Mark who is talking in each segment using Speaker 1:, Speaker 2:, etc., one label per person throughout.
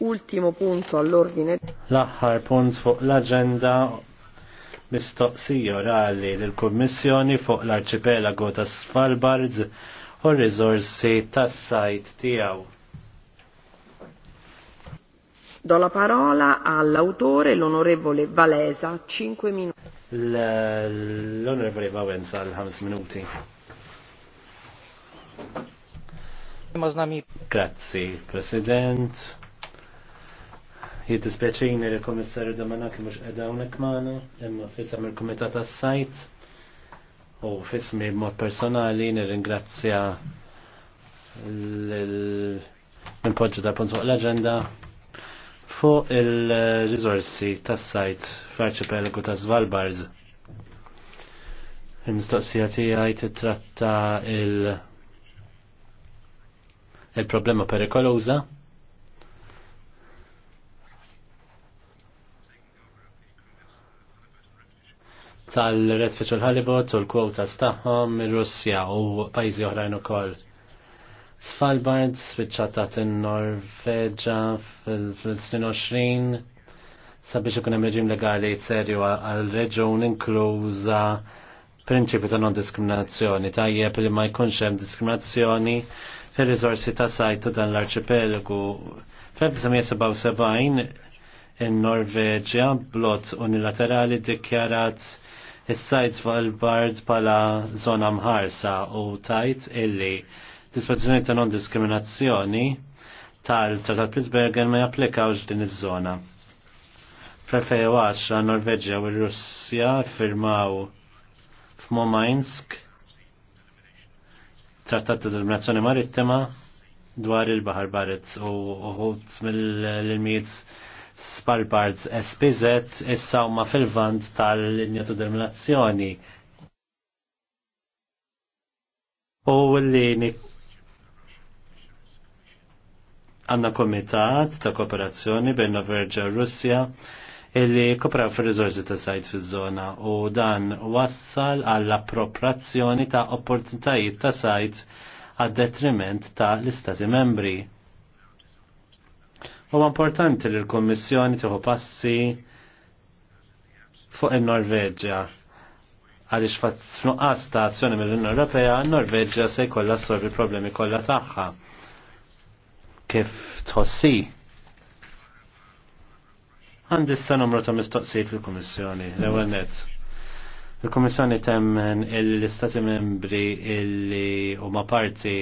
Speaker 1: Ultimo punto all'ordine.
Speaker 2: L-aħħar punt fuq l-agenda mistoqsija orali l-Kummissjoni fuq l-arċipelago ta' Svalbard u r-riżorsi tas-sajt tiegħu.
Speaker 1: Do la parola all'autore, l'onorevole Valesa,
Speaker 2: 5 minuti. L'onorevole Valenza, 5 minuti. Grazzi, President Jiddispjaċini li l-Komissarju Damanaki mhux qiegħda hawnhekk magħna, imma fisem il-Kumitat tas-sajt u fismi b'mod personali nirringrazzja l-impoġġu ta' punt fuq l-aġenda fuq il-riżorsi tas-sajt fl-arċipelagu ta' Svalbard. Il-mistoqsija tiegħi titratta il- problema perikoluża tal-Red Fitchel Halibut u l-kwotas tagħhom ir-Russja u pajjiżi oħrajn ukoll. Svalbard spiċċatat in-Norveġa fil-snin 20 sabiex ikun hemm reġim legali serju għal-reġun inkluża prinċipju ta' non-diskriminazzjoni tajjeb li ma jkunx hemm diskriminazzjoni fir-riżorsi ta' sajtu dan l-arċipelagu. Fl-1977 in-Norveġja blot unilaterali dikjarat is-sajt fuq il-bard bħala zona mħarsa u tajt illi dispożizzjoni ta' non-diskriminazzjoni tal tratat Pittsburgh ma japplikawx din iż-żona. Fl-2010 Norveġġja u r-Russja firmaw f'Mominsk trattat ta' diskriminazzjoni marittima dwar il-Bahar Baritz u uħut mill-ilmijiet Sparparts SPZ issa huma fil-vant tal-linja ta' determinazzjoni. U li għanna komitat ta' kooperazzjoni bejn Norveġa u Russja illi kopraw fil riżorsi ta' sajt fi zona u dan wassal għall appropriazzjoni ta' opportunitajiet ta' sajt għad detriment ta' l-istati membri. Huwa importanti li l-Kommissjoni tieħu passi fuq in-Norveġġja għaliex f'nuqqas ta' azzjoni mill-Unjoni Ewropea, n-Norveġġja se jkollha sorbi problemi kollha tagħha. Kif tħossi? Għandi issa numru ta' mistoqsijiet fil-Kummissjoni, l-ewwel nett. Il-Kummissjoni temmen il-Istati membri illi huma parti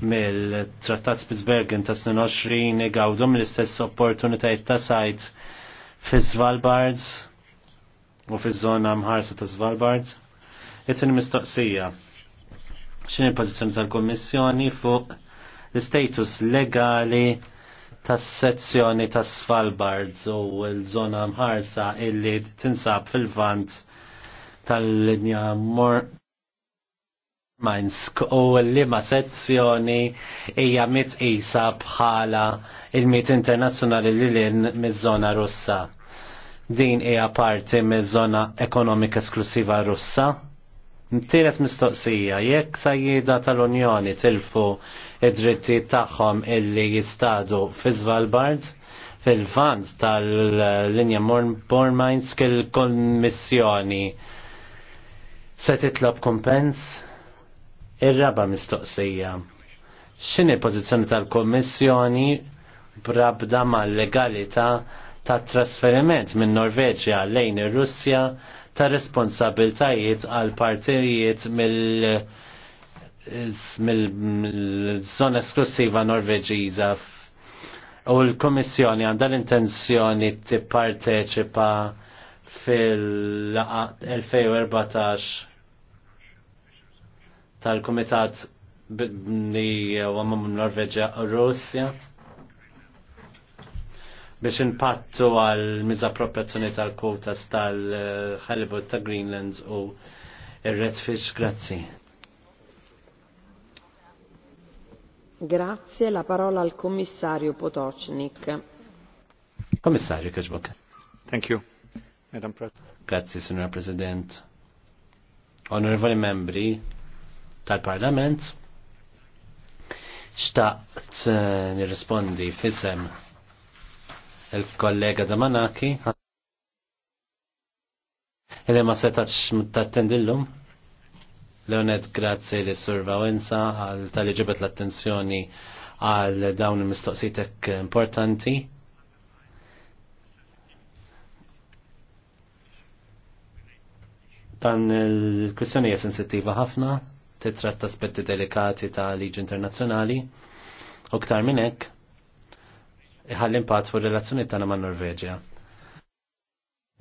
Speaker 2: mill-Trattat Spitsbergen ta' 22 gawdu mill-istess opportunitajiet ta' sajt fi Svalbard u fi zona mħarsa ta' Svalbard. Itin mistoqsija. X'inhi l-pożizzjoni tal-Kummissjoni fuq l-status legali tas sezzjoni ta' Svalbard u l-zona mħarsa illi tinsab fil-vant tal-linja Minsk u li ma sezzjoni hija mit isa bħala il-mit internazzjonali li l miż-żona russa. Din hija parti miż-żona ekonomika esklusiva russa. Tiret mistoqsija, jekk sajjida tal-Unjoni tilfu id-dritti tagħhom illi jistadu fi Svalbard, fil vant tal-linja Born il-Kommissjoni se titlob kompens? Ir-raba mistoqsija. X'inhi pożizzjoni tal-Kommissjoni brabda mal-legalità ta' trasferiment minn Norveġja lejn ir-Russja ta' responsabiltajiet għal partijiet mill mill-zona esklusiva norveġiża u l kommissjoni għandha l-intenzjoni tipparteċipa fil-2014 tal-Komitat li għamma minn Norveġa u Russja biex impattu għal miza tal kotas tal halibut ta' Greenland u il-Redfish. Grazzi.
Speaker 1: Grazie, la parola al commissario Potocnik.
Speaker 2: Commissario Kajbuk. Thank you, Madam President. Grazie, signora President. Onorevoli membri, tal-Parlament. Xtaqt eh, nirrispondi fisem il-kollega Damanaki il ma setax tattendillum. Leonet, grazzi li surva wensa għal tal ġibet l-attenzjoni għal dawn il-mistoqsitek importanti. Dan il-kwistjoni hija sensittiva ħafna titratta aspetti delikati ta' liġi internazzjonali u ktar minn hekk iħall impatt fuq relazzjoni tagħna man Norveġja.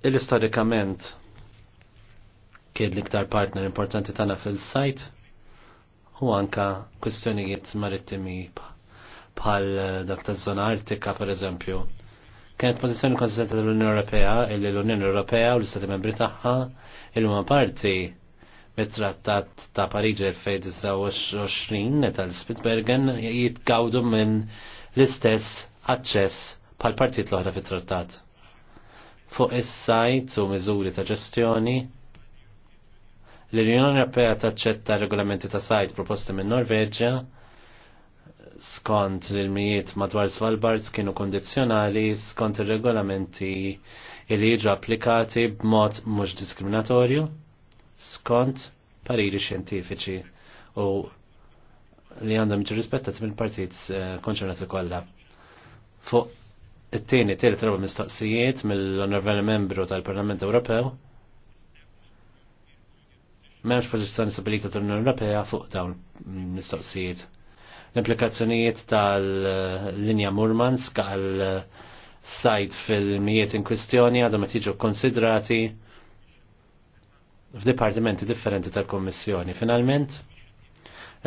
Speaker 2: Il-istorikament kien l-iktar partner importanti tagħna fil-sajt u anka kwistjonijiet marittimi bħal dak taż-żona Artika pereżempju. Kienet pożizzjoni konsistenti tal-Unjoni Ewropea illi l-Unjoni Ewropea u l-Istati Membri tagħha il-huma parti mit-trattat ta' Pariġi 2029 tal-Spitbergen jitgawdu minn l-istess aċċess pal partit l-oħra fit-trattat. Fuq is-sajt u miżuri ta' ġestjoni l-Unjoni Ewropea taċċetta regolamenti ta' sajt proposti minn Norveġġja skont l-ilmijiet madwar Svalbard kienu kondizjonali skont ir-regolamenti li jiġu applikati b'mod mhux diskriminatorju skont pariri xjentifiċi u li għandhom ġirrispettat mill-partit eh, konċernat kollha. Fuq it-tieni tielet raba mistoqsijiet mill-onorveli membru tal-Parlament Ewropew m'hemmx pożizzjoni stabilita tal-Unjoni Ewropea fuq dawn mistoqsijiet. L-implikazzjonijiet tal-linja Murmansk għal sajt fil-mijiet in kwistjoni għadhom qed jiġu konsidrati f'dipartimenti differenti tal-Kommissjoni. Finalment,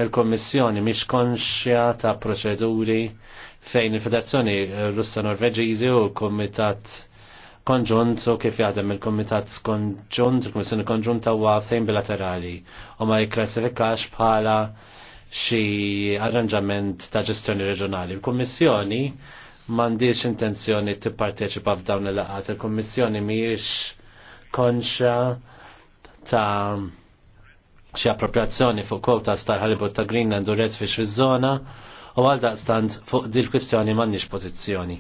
Speaker 2: il-Kommissjoni mhix konxja ta' proċeduri fejn il-Federazzjoni Russa Norveġiżi u Komitat konġunt u kif jaħdem il-Komitat konġunt, il-Kommissjoni konġunt huwa fejn bilaterali u ma jikklassifikax bħala xi arranġament ta' ġestjoni reġjonali. Il-Kommissjoni m'għandix intenzjoni tipparteċipa f'dawn il-laqgħat, il-Kommissjoni mhijiex konxja ta' xi appropriazzjoni fuq kota star ħalibut ta' Greenland u Redfish fi żona u għal stand fuq dil kwistjoni m'għandniex pożizzjoni.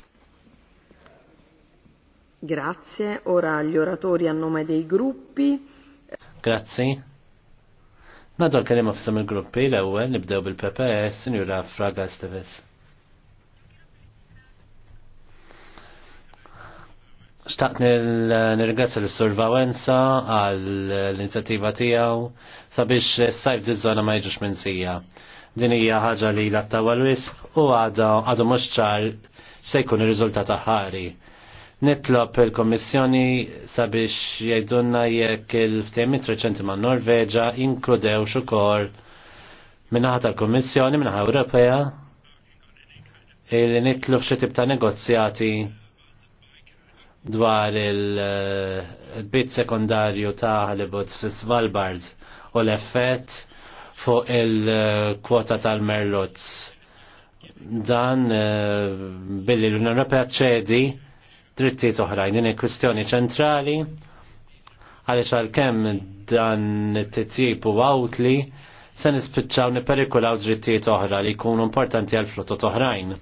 Speaker 1: Grazie, ora gli oratori a nome dei gruppi.
Speaker 2: Grazie. Nadu l-kelima fissam il-gruppi l-ewwel nibdew bil-PPS, Sinjura Fraga Steves. Xtaqt nirgrazzja l-Sur Vawenza għal l-inizjattiva tiegħu sabiex s-sajf diż ma jiġux minn sija. Din hija ħaġa li l-attawa l-wisq u għadha għadu mhux ċar se jkun ir-riżultat aħari. Nitlob il-Kommissjoni sabiex jgħidulna jekk il-ftehimiet reċenti ma' Norveġa inkludew min minnaħat tal-Kommissjoni minnaħa Ewropea il nitlob xi tip ta' negozjati dwar eh, il-bit sekundarju ta' Halibut fi Svalbard u l-effett fuq il-kwota tal merlots Dan eh, billi l-Unjoni Ewropea ċedi drittijiet oħrajn din il kwistjoni ċentrali għaliex għalkemm dan it-titjib u għawtli se nispiċċaw niperikulaw drittijiet oħra li jkunu importanti għal flotot oħrajn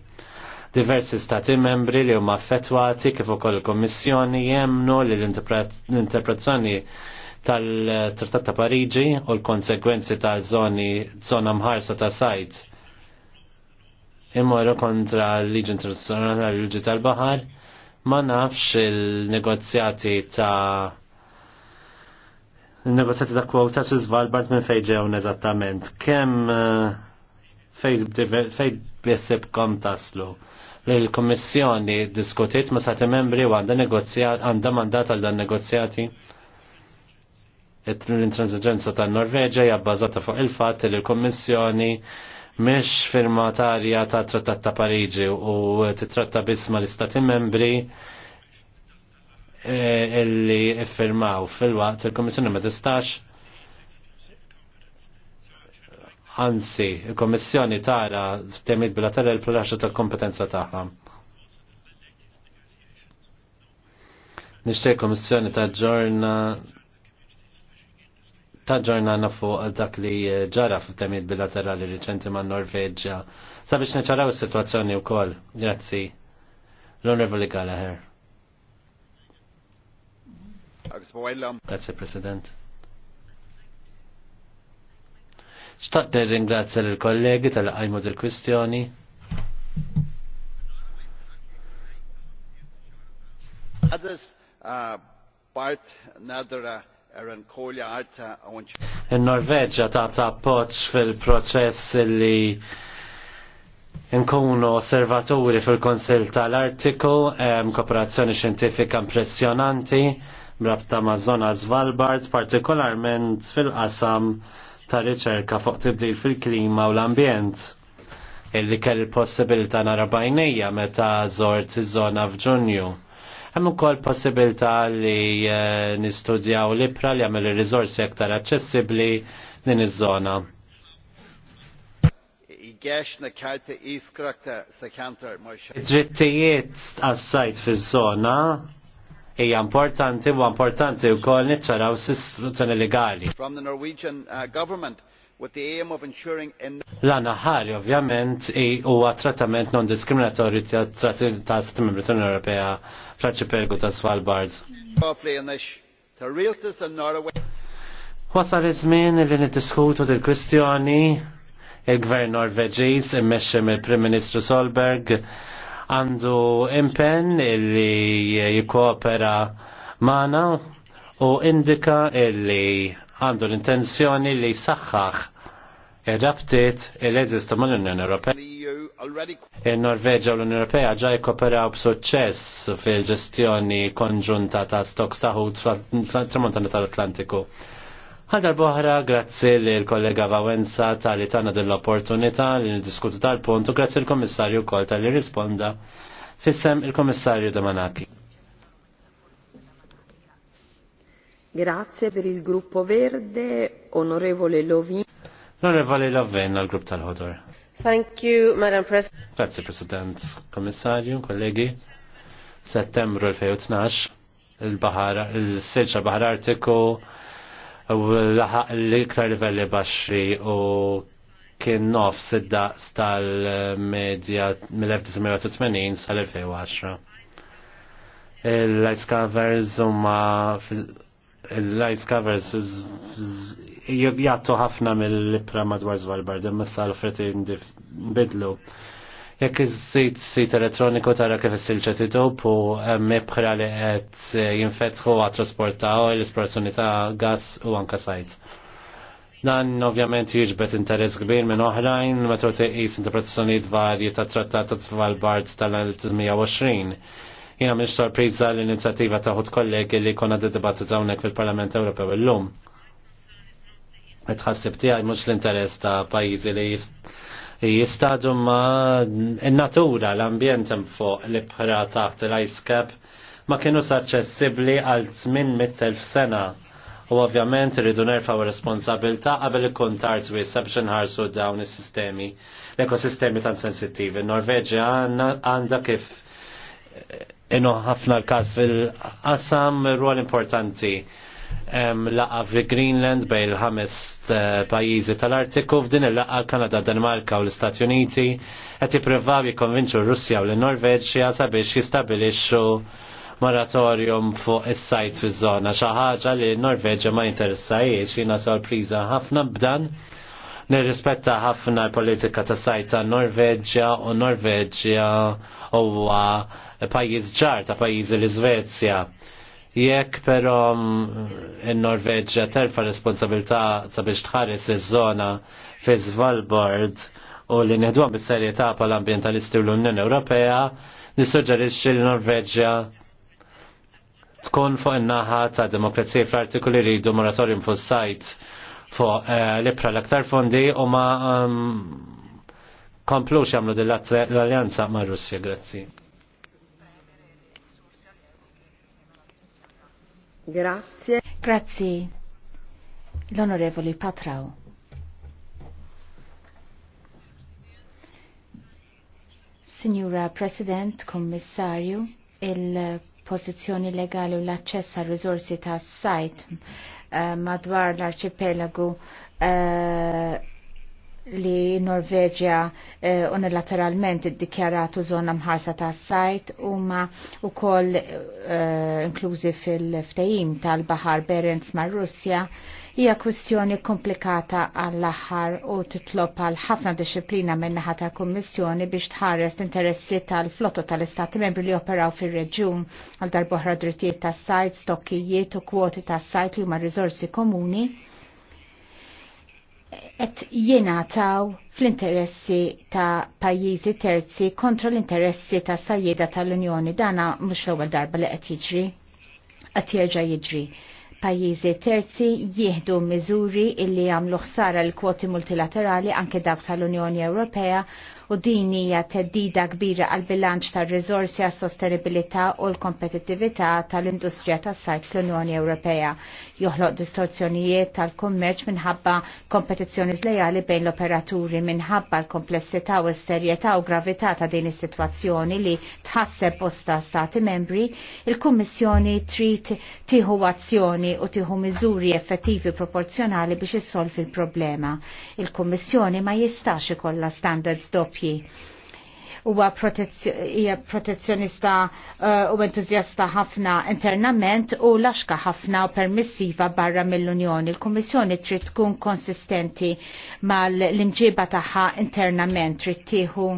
Speaker 2: Diversi stati membri li huma affettwati kif ukoll il-Kommissjoni jemnu li l-interpretazzjoni tal-Trattat ta' Pariġi u l-konsegwenzi ta' zoni zona mħarsa ta' sajt imorru kontra l-Liġi Internazzjonali l-Liġi tal-Bahar ma nafx il-negozjati ta' il-negozjati ta' kwota su Svalbard minn fejġewn eżattament. Kem eh, fejġ biesib kom taslu. l komissjoni diskutiet ma sati membri u għanda negozjat, għanda mandat għal dan negozjati. L-intransigenza ta' Norveġa jabbażata fuq il-fat li l komissjoni mhix firmatarja ta' Trattat ta' Pariġi u titratta bisma l-Istati membri eh, illi iffirmaw fil-waqt il komissjoni ma tistax anzi, il-Kommissjoni tara f'temijiet bilaterali l-prolaxxa tal-kompetenza tagħha. Nixtieq Kommissjoni taġġorna taġġornana fuq dak li ġara f'temijiet bilaterali riċenti ma' Norveġġja. Sabiex neċaraw is-sitwazzjoni kol. Grazzi. L-Onorevoli Gallagher. Grazie President. Xtaqt ringrazzja lill kollegi tal-qajmu dil-kwistjoni. Il-Norveġa ta' ta' poċ fil-proċess li nkunu osservaturi fil-Konsil tal-Artiku, kooperazzjoni xjentifika impressjonanti, brabta ma' zona Svalbard, partikolarment fil-qasam ta' riċerka fuq tibdil fil-klima u l-ambjent illi kell possibilità nara bajnija meta zort iż-żona f'Ġunju. Hemm ukoll possibilta li eh, nistudjaw l ipra li għamil ir-riżorsi aktar aċċessibbli din iż-żona. Id-drittijiet għas-sajt fiż-żona hija importanti u importanti wkoll niċċaraw s-istituzzjoni legali. Uh, L-għana ħari ovvjament huwa trattament non diskriminatorju ta' Stati Membri tal Ewropea fl-arċipelgu ta' Svalbard. Wasal iż-żmien li niddiskutu dil-kwistjoni il-Gvern Norveġiż immexxi mill-Prim Ministru Solberg għandu impen illi jikopera mana u indika illi għandu l-intenzjoni li jisaxħax ir-rabtiet il-eżistu mal-Unjoni Ewropea. Il-Norveġa u l-Unjoni Ewropea ġa jkoperaw b'suċċess fil-ġestjoni konġunta ta' stoks taħut fl-tramontana tal-Atlantiku. Għal boħra, grazzi l-kollega Vawenza tal-li tana dell-opportunità li n-diskutu tal-punt u grazzi l-komissarju kol tal-li risponda fissem il-komissarju Damanaki.
Speaker 1: Grazie per il gruppo verde, onorevole Lovin.
Speaker 2: Onorevole Lovin al gruppo tal hodor
Speaker 1: Thank you, Madam President.
Speaker 2: Grazie, President, Komissarju, kollegi. Settembru 2012, il-Bahar, il-Silċa Bahar Artiku, u laħaq l-iktar livelli baxxi u kien nofs id-daqs tal-medja mill-1980 sal-2010. Il-Lights Covers huma il-Lights Covers jgħattu ħafna mill-libra madwar Svalbard, imma sal-fret bidlu. Jekk iż-sit sit elettroniku tara kif is silġa idob u mibħra li qed jinfetħu għat trasportaw l oil, ta' gass u anka sajt. Dan ovvjament jiġbet interess kbir minn oħrajn meta tiqis interpretazzjonijiet varji ta' trattat ta' Svalbard tal-1920. Jiena mhix sorpriża l-inizjattiva ta' ħud kollegi li konna dibattit hawnhekk fil-Parlament Ewropew illum. Qed ħassib tiegħi mhux l-interess ta' pajjiżi li jistadu ma natura l-ambjent fuq li bħra taħt l-ice cap ma kienu sarċessibli għal 800.000 sena u ovvjament rridu nerfaw responsabilta qabel ikun tard wi sebxin ħarsu dawn is-sistemi l-ekosistemi tan sensittivi. Norveġja għandha kif eh, inu ħafna l każ fil-qasam rwol importanti laqa fi Greenland bej il-ħames eh, pajjiżi tal-Artiku f'din il-laqa Kanada, Danimarka u l-Istati Uniti qed jippruvaw jikkonvinċu r-Russja u l-Norveġja sabiex jistabilixxu moratorium fuq is-sajt fiż-żona xi ħaġa li l norveġja ma jinteressajiex jiena sorpriża ħafna b'dan nirrispetta ħafna l-politika ta' sajt ta' Norveġja u Norveġja huwa pajjiż ġar ta' pajjiżi l-Iżvezja Jekk però mm, in-Norveġġja terfa responsabilità sabiex tħares iż-żona fi Svalbard u li neħduhom bis-serjetà pal ambjentalisti u l-Unjoni Ewropea, nissuġġerixxi li Norveġġja tkun fuq in-naħa ta' demokrazija fl-artiklu li jridu moratorium fuq sajt fuq eh, libra l-aktar fondi u ma mm, komplux jagħmlu din l-alleanza ma' Russja, grazzi.
Speaker 1: Grazie. Grazie. L'onorevole Patrao. Signora President, Commissario, il-pozizjoni legali u l-access risorse risorsi ta' sajt uh, madwar l-arċipelagu uh, li Norveġja uh, unilateralment iddikjaratu zona mħarsa ta' sajt huma wkoll uh, inklużi fil-ftehim tal-Bahar Berens mar Russja hija kwistjoni komplikata għall-aħħar u titlob għal ħafna disciplina minn naħa tal-Kummissjoni biex tħares l-interessi tal-flotta tal-Istati membri li operaw fir-reġjun għal darboħra drittijiet tas-sajt, stokkijiet u kwoti tas-sajt li huma riżorsi komuni qed taw fl-interessi ta' pajjiżi terzi kontra l-interessi ta' sajjeda tal-Unjoni. Dana mhux l-ewwel darba li qed jiġri qed jerġa' jiġri. Pajjiżi terzi jieħdu miżuri illi jagħmlu ħsara l-kwoti multilaterali anke dawk tal-Unjoni Ewropea u din hija teddida kbira għal bilanċ tar-riżorsi għas sostenibilità u l-kompetittività tal-industrija tas-sajt fl-Unjoni Ewropea. Joħloq distorzjonijiet tal-kummerċ minħabba kompetizzjoni żlejali bejn l-operaturi minħabba l-komplessità u s-serjetà u gravità ta' din is-sitwazzjoni li tħasseb bosta stati membri, il-Kummissjoni trid tieħu azzjoni u tieħu miżuri effettivi proporzjonali biex issolvi l-problema. Il-Kummissjoni ma jistax ikollha standards dopp doppji huwa protezzjonista eh, u entuzjasta ħafna internament u laxka ħafna u permissiva barra mill-Unjoni. Il-Kummissjoni trid tkun konsistenti mal-imġiba tagħha internament trid tieħu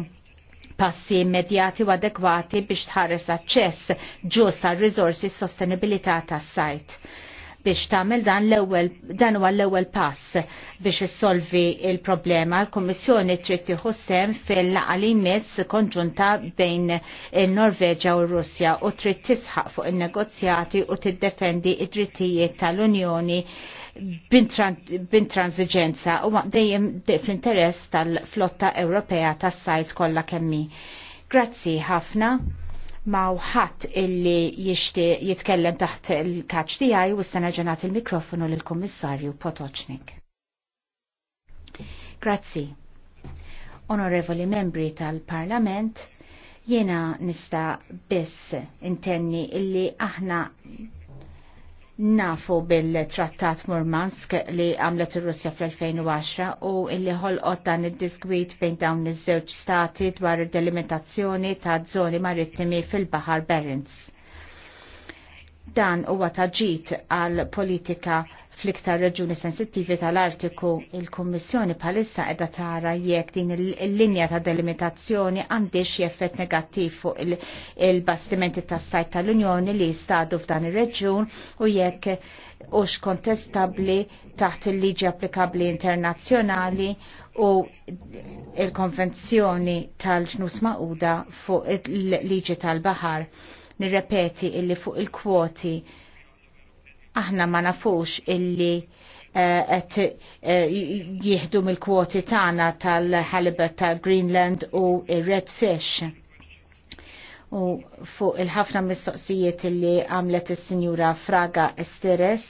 Speaker 1: passi immedjati u adekwati biex tħares aċċess ġus għal s sostenibilità tas-sajt biex tagħmel dan l ewel dan huwa l-ewwel pass biex issolvi il-problema. L-Kummissjoni trid tieħu sem fil-laqali miss konġunta bejn il-Norveġa u russja u trid tisħaq fuq in-negozjati u tiddefendi id-drittijiet tal-Unjoni b'intransiġenza u dejjem fl-interess tal-flotta Ewropea tas-sajt kollha kemmi. Grazzi ħafna ma' uħat illi jishti jitkellem taħt il-kaċ tijaj u s-sena ġenat il-mikrofonu l komissarju Potoċnik. Grazzi. Onorevoli membri tal-Parlament, jena nista biss intenni illi aħna nafu bil-trattat Murmansk li għamlet ir-Russja fl-2010 u illi ħolqot dan id-diskwit bejn dawn iż-żewġ stati dwar id-delimitazzjoni ta' żoni marittimi fil-Baħar Berens. Dan huwa taġit għal politika fl-iktar reġuni sensittivi tal-artiku il-Kummissjoni palissa edha tara jekk din il-linja ta' delimitazzjoni għandix jeffett negattiv fuq il-bastimenti il tas sajt tal-Unjoni li jistadu f'dan ir-reġjun u jekk ux kontestabli taħt il-liġi applikabli internazzjonali u il-konvenzjoni tal-ġnus ma'uda fuq il-liġi tal-bahar nirrepeti illi fuq il-kwoti aħna ma nafux illi għet eh, eh, jihdum mill-kwoti tagħna tal-ħalibet tal-Greenland u il-Redfish u fuq il-ħafna mistoqsijiet illi għamlet il-Sinjura Fraga Esteres,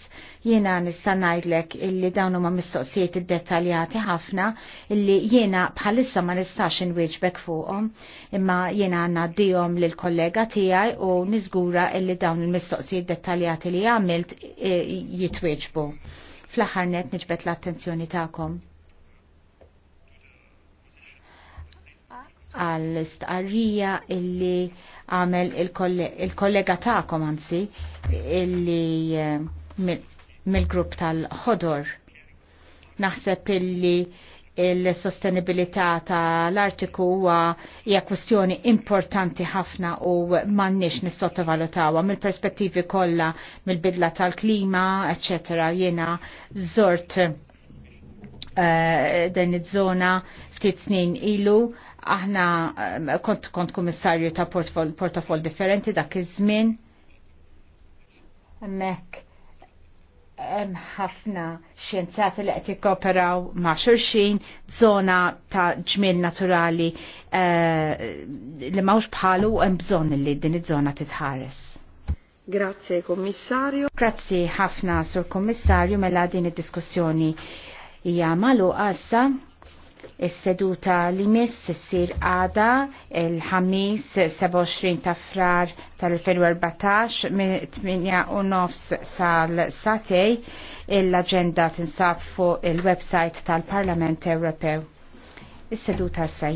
Speaker 1: jiena nista' ngħidlek illi dawn huma mistoqsijiet id-detaljati ħafna illi jiena bħalissa ma nistax inwieġbek fuqhom, imma jiena ngħaddihom l kollega tiegħi u niżgura illi dawn il-mistoqsijiet dettaljati li għamilt eh, jitwieġbu. Fl-aħħar net l-attenzjoni tagħkom. għall-istqarrija illi għamel il-kollega ta'kom anzi illi eh, mill-grupp tal-ħodor. Naħseb illi il-sostenibilità tal-artiku huwa hija kwestjoni importanti ħafna u m'għandniex nissottovalutawha mill-perspettivi kollha mill-bidla tal-klima, eċċetera. Jiena żort Uh, din iż-żona ftit snin ilu aħna eh, kont, kont kummissarju ta' portafoll portafol differenti dak iż-żmien. Hemmhekk hemm ħafna xjenzati li qed jikkoperaw ma' xulxin żona ta' ġmien naturali eh, li m'hux bħalu hemm bżonn li din iż-żona titħares. Grazie Kommissarju. Grazie ħafna Sur Kommissarju mela din id-diskussjoni hija malu għassa Is-seduta li miss sir għada il-ħamis 27 ta' frar tal-2014 8 sal-satej l-agenda tinsab fuq il-website tal-Parlament Ewropew. Is-seduta s